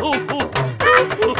Oh,